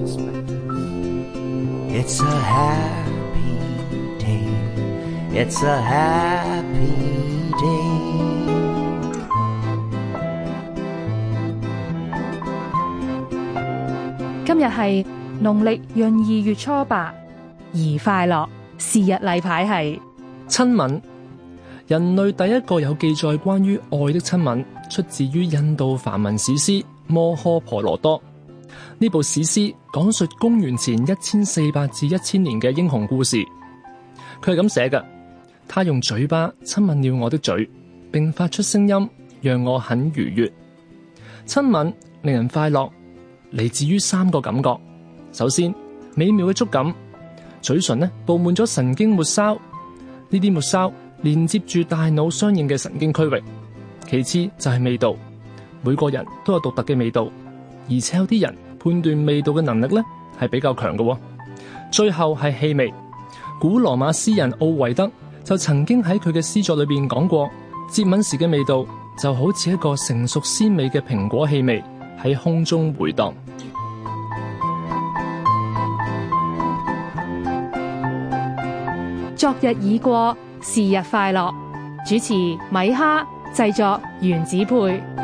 It's a happy day. It's a happy day. 今日係農曆閏二月初八，宜快樂。是日例牌係親吻。人類第一個有記載關於愛的親吻，出自於印度梵文史詩《摩訶婆羅多》。呢部史詩講述公元前一千四百至一千年嘅英雄故事。佢係咁寫嘅：他用嘴巴親吻了我的嘴，並發出聲音，讓我很愉悅。親吻令人快樂，嚟自於三個感覺。首先，美妙嘅觸感，嘴唇呢，布滿咗神經末梢，呢啲末梢連接住大腦相應嘅神經區域。其次就係味道，每個人都有獨特嘅味道。而且有啲人判斷味道嘅能力咧，係比較強嘅。最後係氣味，古羅馬詩人奧維德就曾經喺佢嘅詩作裏邊講過，接吻時嘅味道就好似一個成熟鮮美嘅蘋果氣味喺空中回蕩。昨日已過，是日快樂。主持米哈，製作原子配。